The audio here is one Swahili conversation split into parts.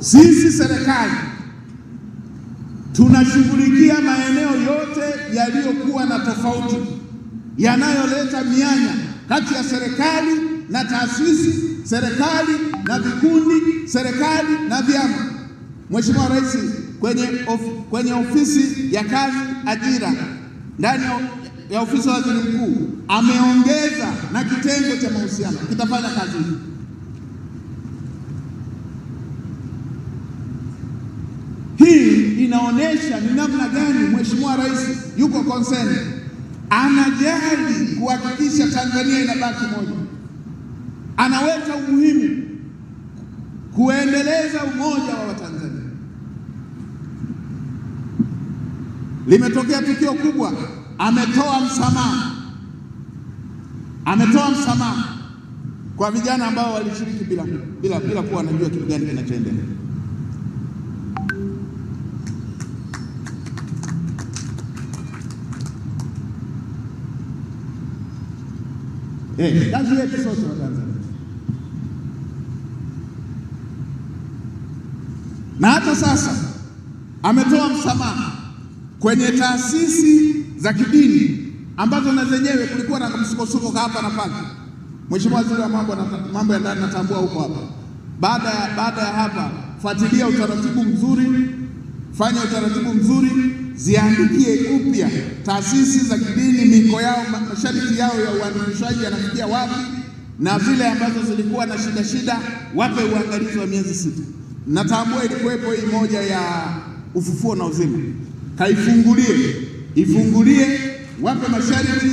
Sisi serikali tunashughulikia maeneo yote yaliyokuwa na tofauti yanayoleta mianya kati ya serikali na taasisi, serikali na vikundi, serikali na vyama. Mheshimiwa Rais kwenye, of, kwenye ofisi ya kazi ajira ndani ya ofisi ya Waziri Mkuu ameongeza na kitengo cha mahusiano kitafanya kazi hii. Hii inaonyesha ni namna gani Mheshimiwa Rais yuko concerned, anajali kuhakikisha Tanzania inabaki moja, anaweka umuhimu kuendeleza umoja wa Watanzania. Limetokea tukio kubwa, ametoa msamaha, ametoa msamaha kwa vijana ambao walishiriki bila bila bila kuwa wanajua kitu gani kinachoendelea. kazi yetu sote wa Tanzania na hata sasa ametoa msamaha kwenye taasisi za kidini ambazo na zenyewe kulikuwa na msukosuko hapa na pale. Mheshimiwa Waziri wa mambo, na, mambo ya ndani natambua huko hapa. Baada ya baada ya hapa, fuatilia utaratibu mzuri, fanya utaratibu mzuri ziandikie upya taasisi za kidini miko yao masharti yao ya uandikishaji yanafikia wapi, na vile ambazo zilikuwa na shida shida wape uangalizi wa miezi sita. Natambua ilikuwepo hii moja ya ufufuo na uzima, kaifungulie, ifungulie, wape masharti,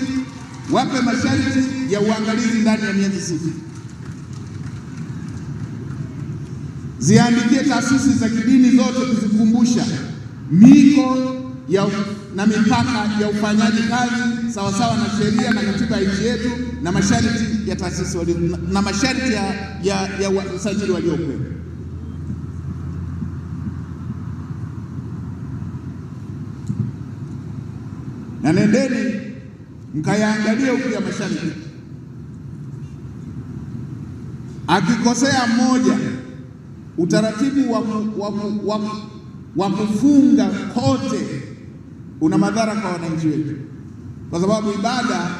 wape masharti ya uangalizi ndani ya miezi sita. Ziandikie taasisi za kidini zote kuzikumbusha miko ya, na mipaka ya ufanyaji kazi sawasawa na sheria na katiba ya nchi yetu na masharti ya taasisi na masharti ya, ya, ya usajili waliokuwepo. Na nendeni mkayaangalie huku ya masharti, akikosea mmoja utaratibu wa, wa, wa kufunga kote una madhara kwa wananchi wetu, kwa sababu ibada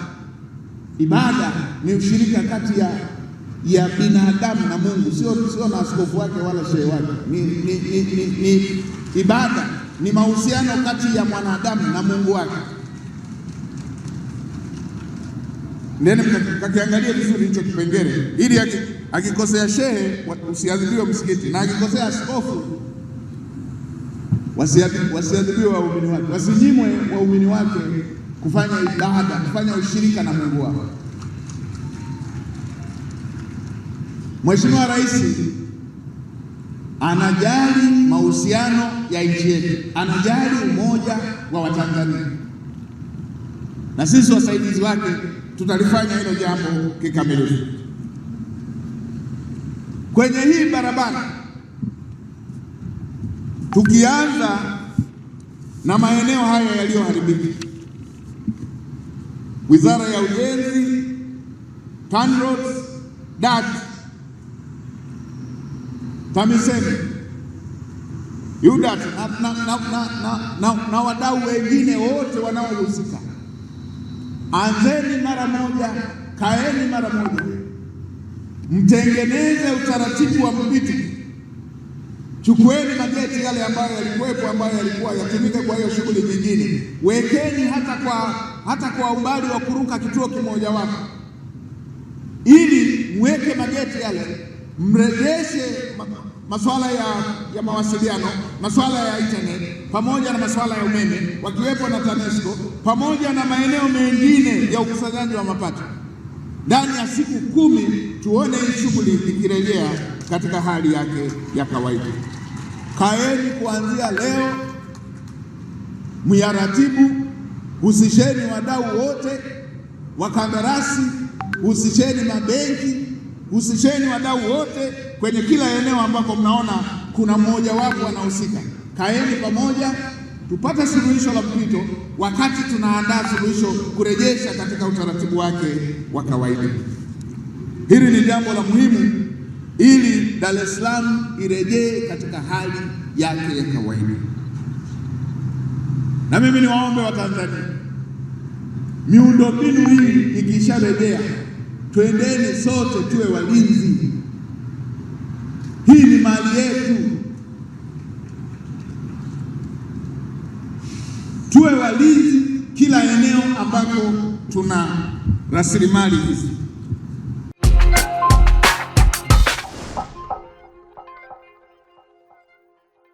ibada ni ushirika kati ya ya binadamu na Mungu, sio sio na askofu wake wala shehe wake. Ni, ni, ni, ni, ni ibada ni mahusiano kati ya mwanadamu na Mungu wake. Nene kakiangalia vizuri hicho kipengele, ili akikosea shehe usiadhibiwe msikiti, na akikosea askofu wasiadhibiwe waumini wake, wasinyimwe waumini wake kufanya ibada, kufanya ushirika na Mungu wao. Mheshimiwa Rais anajali mahusiano ya nchi yetu, anajali umoja wa Watanzania, na sisi wasaidizi wake tutalifanya hilo jambo kikamilifu kwenye hii barabara tukianza na maeneo haya yaliyoharibika, Wizara ya Ujenzi, TANROADS, DART, TAMISEMI, UDART na, na, na, na, na, na, na wadau wengine wote wanaohusika, anzeni mara moja, kaeni mara moja, mtengeneze utaratibu wa mpito Chukueni mageti yale ambayo yalikuwepo, ambayo yalikuwa yatumike kwa hiyo shughuli nyingine, wekeni hata kwa hata kwa umbali wa kuruka kituo kimoja wapo, ili mweke mageti yale, mrejeshe masuala ya, ya mawasiliano, masuala ya internet pamoja na masuala ya umeme, wakiwepo na TANESCO pamoja na maeneo mengine ya ukusanyaji wa mapato. Ndani ya siku kumi tuone hii shughuli ikirejea katika hali yake ya kawaida. Kaeni kuanzia leo, myaratibu, husisheni wadau wote, wakandarasi, husisheni mabenki, husisheni wadau wote kwenye kila eneo ambako mnaona kuna mmoja wapo anahusika. Kaeni pamoja tupate suluhisho la mpito, wakati tunaandaa suluhisho kurejesha katika utaratibu wake wa kawaida. Hili ni jambo la muhimu ili Dar es Salaam irejee katika hali yake ya kawaida. Na mimi ni waombe wa Tanzania, miundombinu hii ikisharejea, twendeni sote tuwe walinzi. Hii ni mali yetu, tuwe walinzi kila eneo ambako tuna rasilimali hizi.